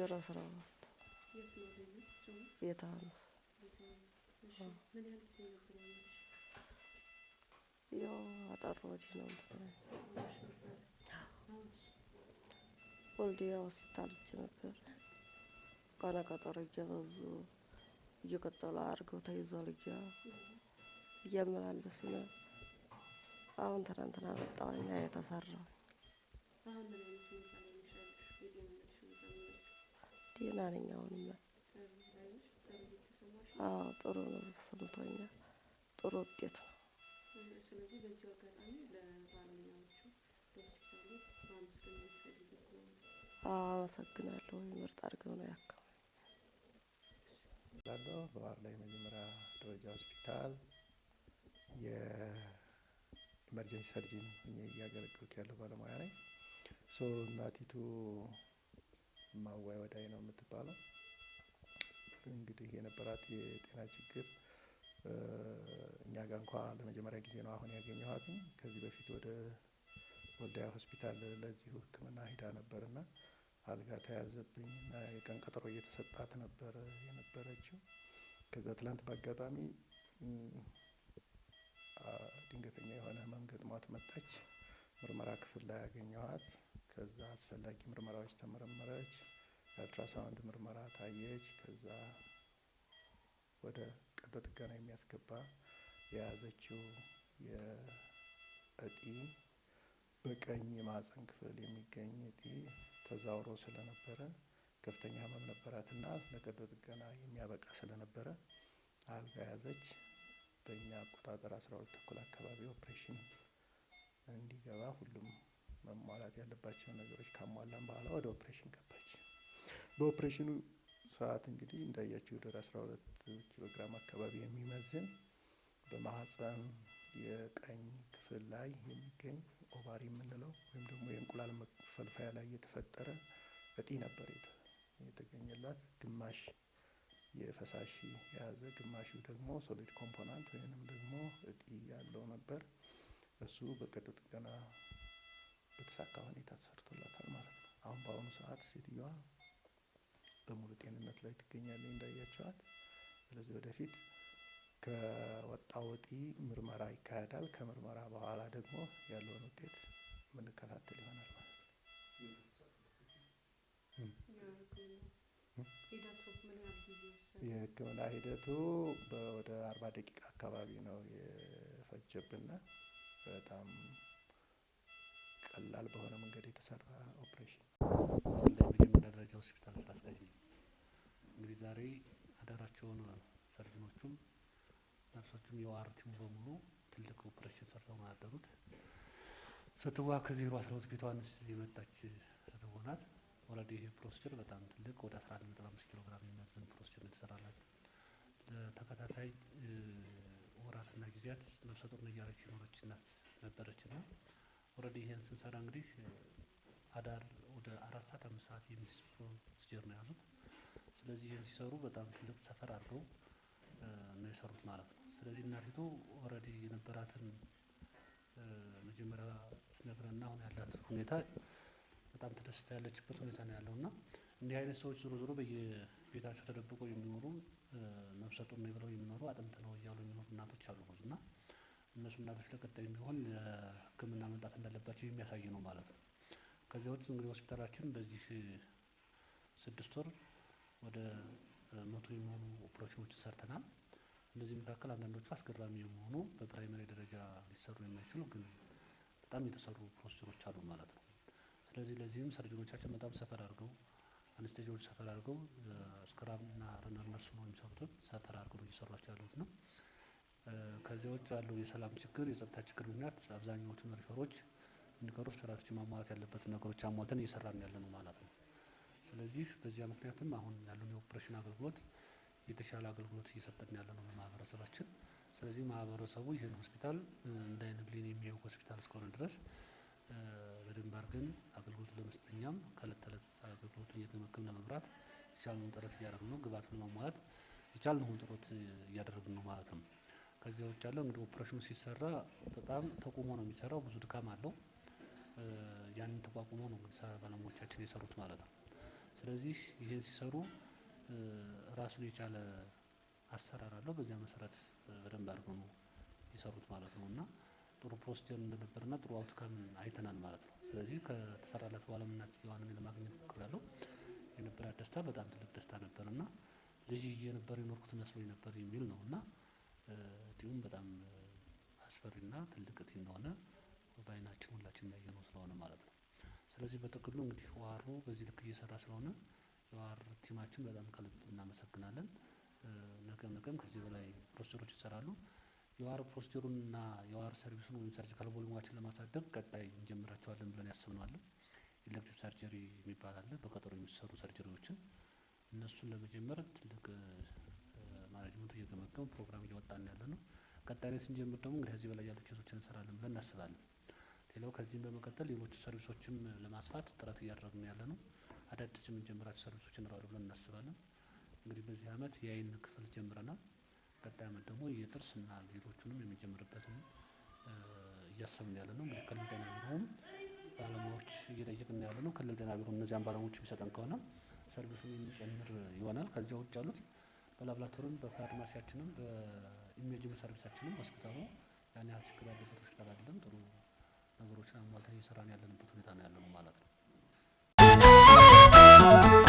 የራስ ራባት የታንስ ያው አጠር ወዲህ ነው ወልዲያ ሆስፒታል እጅ ነበር። ቀነ ቀጠሮ እየበዙ እየቀጠሉ አድርገው ተይዟል እያ እያመላለሱ አሁን ትናንትና መጣሁ እኛ የተሰራው ደህና ነኝ። አሁንማ አዎ ጥሩ ነው ተሰምቶኛል። ጥሩ ውጤት ነው። ስለዚህ በዚህ አጋጣሚ ለባለሙያዎቹ ማመስገን አዎ አመሰግናለሁ። ምርጥ አድርገው ነው ያከሙ ላለሁ በባህር ላይ መጀመሪያ ደረጃ ሆስፒታል የኢመርጀንሲ ሰርጂን እያገለገሉት እያገለገልኩ ያለው ባለሙያ ነኝ። ሶ እናቲቱ ማዋይ ወዳይ ነው የምትባለው። እንግዲህ የነበራት የጤና ችግር እኛ ጋር እንኳ ለመጀመሪያ ጊዜ ነው አሁን ያገኘኋትኝ። ከዚህ በፊት ወደ ወልዳያ ሆስፒታል ለዚሁ ሕክምና ሂዳ ነበር እና አልጋ ተያዘብኝ እና የቀን ቀጠሮ እየተሰጣት ነበር የነበረችው። ከዛ ትላንት በአጋጣሚ ድንገተኛ የሆነ ህመም ገጥሟት መጣች። ምርመራ ክፍል ላይ ያገኘኋት ከዛ አስፈላጊ ምርመራዎች ተመረመረች። የአልትራሳውንድ ምርመራ ታየች። ከዛ ወደ ቀዶ ጥገና የሚያስገባ የያዘችው የእጢ በቀኝ የማህፀን ክፍል የሚገኝ እጢ ተዛውሮ ስለነበረ ከፍተኛ ህመም ነበራትና ለቀዶ ጥገና የሚያበቃ ስለነበረ አልጋ ያዘች። በእኛ አቆጣጠር አስራ ሁለት ተኩል አካባቢ ኦፕሬሽን እንዲገባ ሁሉም መሟላት ያለባቸው ነገሮች ካሟላን በኋላ ወደ ኦፕሬሽን ገባች። በኦፕሬሽኑ ሰዓት እንግዲህ እንዳያቸው ወደ 12 ኪሎ ግራም አካባቢ የሚመዝን በማህፀን የቀኝ ክፍል ላይ የሚገኝ ኦቫሪ የምንለው ወይም ደግሞ የእንቁላል መፈልፈያ ላይ የተፈጠረ እጢ ነበር የተገኘላት። ግማሽ የፈሳሽ የያዘ ግማሹ ደግሞ ሶሊድ ኮምፖናንት ወይንም ደግሞ እጢ ያለው ነበር። እሱ በቀዶ ጥገና በተሳካ ሁኔታ ተሰርቶላታል ማለት ነው። አሁን በአሁኑ ሰዓት ሴትዮዋ በሙሉ ጤንነት ላይ ትገኛለች እንዳያቸዋት። ስለዚህ ወደፊት ከወጣ ወጢ ምርመራ ይካሄዳል። ከምርመራ በኋላ ደግሞ ያለውን ውጤት የምንከታተል ይሆናል ማለት ነው። የሕክምና ሂደቱ ወደ አርባ ደቂቃ አካባቢ ነው የፈጀብና በጣም ቀላል በሆነ መንገድ የተሰራ ኦፕሬሽን። በጀምዳ ደረጃ ሆስፒታል ስራ አስኪያጅ ነው። እንግዲህ ዛሬ አዳራቸውን ሰርጅኖቹም ነርሶቹም የዋርቲሙ በሙሉ ትልቅ ኦፕሬሽን ሰርተው ነው ያደሩት። ስትዋ ከዜሮ አስራ ሁለት ቤቷ አንስ የመጣች ስትዋ ናት። ኦልሬዲ ይሄ ፕሮሲጀር በጣም ትልቅ ወደ አስራ አንድ ነጥብ አምስት ኪሎ ግራም የሚመዝን ፕሮሲጀር የተሰራላት ለተከታታይ ወራትና ጊዜያት ነፍሰ ጡር እያለች የኖረች እናት ነበረች እና ኦልሬዲ ይሄን ስንሰራ እንግዲህ አዳር ወደ አራት ሰዓት አምስት ሰዓት የሚሰሩ ስጀር ነው የያዙት። ስለዚህ ይህን ሲሰሩ በጣም ትልቅ ሰፈር አድርገው ነው የሰሩት ማለት ነው። ስለዚህ እናቲቱ ኦልሬዲ የነበራትን መጀመሪያ ስነግረና አሁን ያላት ሁኔታ በጣም ተደስታ ያለችበት ሁኔታ ነው ያለው እና እንዲህ አይነት ሰዎች ዞሮ ዞሮ በየቤታቸው ተደብቆ የሚኖሩ ነፍሰጡር ነው ብለው የሚኖሩ አጥንት ነው እያሉ የሚኖሩ እናቶች አሉ ብዙ እና እነሱ እናቶች ለቀጣይም ቢሆን ህክምና መምጣት እንዳለባቸው የሚያሳይ ነው ማለት ነው። ከዚያ ውጭ እንግዲህ ሆስፒታላችን በዚህ ስድስት ወር ወደ መቶ የሚሆኑ ኦፕሬሽኖችን ሰርተናል። እነዚህ መካከል አንዳንዶቹ አስገራሚ የሆኑ በፕራይመሪ ደረጃ ሊሰሩ የማይችሉ ግን በጣም የተሰሩ ፕሮሲጀሮች አሉ ማለት ነው። ስለዚህ ለዚህም ሰርጀኖቻችን በጣም ሰፈር አድርገው አነስተኞች ሰፈር አድርገው ስክራብ እና ረነር ነርስ ነው የሚሰሩትን ሰፈር አድርገው እየሰሯቸው ያሉት ነው። ከዚያ ውጭ ያለው የሰላም ችግር የጸጥታ ችግር ምክንያት አብዛኛዎቹን ሪፈሮች እንዲቀሩ ፌዴራላችን ማሟላት ያለበት ነገሮች አሟልተን እየሰራን ነው ማለት ነው። ስለዚህ በዚያ ምክንያትም አሁን ያሉን የኦፕሬሽን አገልግሎት የተሻለ አገልግሎት እየሰጠን ያለ ነው ማህበረሰባችን። ስለዚህ ማህበረሰቡ ይህን ሆስፒታል እንደ አይነ ብሌን የሚያየው ሆስፒታል እስከሆነ ድረስ በደንብ አድርገን አገልግሎት ለመስጠት ከእለት ተዕለት አገልግሎቱን እየገመገምን ለመምራት የቻልነውን ጥረት እያደረግን ነው። ግብአቱን ለማሟላት የቻልነውን ጥረት እያደረግን ነው ማለት ነው። ከዚያ ውጭ ያለው እንግዲህ ኦፕሬሽኑ ሲሰራ በጣም ተቁሞ ነው የሚሰራው። ብዙ ድካም አለው። ያንን ተቋቁሞ ነው እንግዲህ ባለሙያዎቻችን የሰሩት ማለት ነው። ስለዚህ ይህን ሲሰሩ ራሱን የቻለ አሰራር አለው። በዚያ መሰረት በደንብ አድርገው ነው የሰሩት ማለት ነው እና ጥሩ ፕሮሲጀር እንደነበርና ጥሩ አውትካም አይተናል ማለት ነው። ስለዚህ ከተሰራላት በኋላ ምናትየዋንም ለማግኘት ሞክሬያለሁ። የነበረ ደስታ በጣም ትልቅ ደስታ ነበር እና ልጅ እየነበር የኖርኩት መስሎኝ ነበር የሚል ነው እና ጢሙም በጣም አስፈሪና ትልቅ ጢም እንደሆነ በአይናችን ሁላችንም ያየነው ስለሆነ ማለት ነው። ስለዚህ በጥቅሉ እንግዲህ ዋሮ በዚህ ልክ እየሰራ ስለሆነ የውሃር ቲማችን በጣም ከልብ እናመሰግናለን። ነገም ነገም ከዚህ በላይ ፕሮሲጀሮች ይሰራሉ። የውሃር ፕሮሲጀሩን እና የውሃር ሰርቪሱን ወይም ሰርጂካል ቮሊዩማችን ለማሳደግ ቀጣይ እንጀምራቸዋለን ብለን ያስብነዋለን። ኢሌክቲቭ ሰርጀሪ የሚባል አለ፣ በቀጠሮ የሚሰሩ ሰርጀሪዎችን እነሱን ለመጀመር ትልቅ ማኔጅመንቱ እየገመገሙ ፕሮግራም እያወጣን ያለ ነው። ቀጣይ ላይ ስንጀምር ደግሞ እንግዲህ ከዚህ በላይ ያሉ ኬዞችን እንሰራለን ብለን እናስባለን። ሌላው ከዚህም በመቀጠል ሌሎች ሰርቪሶችም ለማስፋት ጥረት እያደረግን ያለ ነው። አዳዲስ የምንጀምራቸው ሰርቪሶች ይኖራሉ ብለን እናስባለን። እንግዲህ በዚህ አመት የአይን ክፍል ጀምረናል። ቀጣይ አመት ደግሞ የጥርስ እና ሌሎቹንም የምንጀምርበትን እያሰብን ያለ ነው። እንግዲህ ክልል ጤና ቢሮውም ባለሙያዎች እየጠየቅን ያለ ነው። ክልል ጤና ቢሮ እነዚያን ባለሙያዎች የሚሰጠን ከሆነ ሰርቪሱን የሚጨምር ይሆናል። ከዚያ ውጭ ያሉት በላብራቶሪም በፋርማሲያችንም በኢሜጂንግ ሰርቪሳችንም ሆስፒታሉ ያን ያህል ችግር ያለበት ሆስፒታል አይደለም። ጥሩ ነገሮችን አሟልተን እየሰራን ያለንበት ሁኔታ ነው ያለነው ማለት ነው።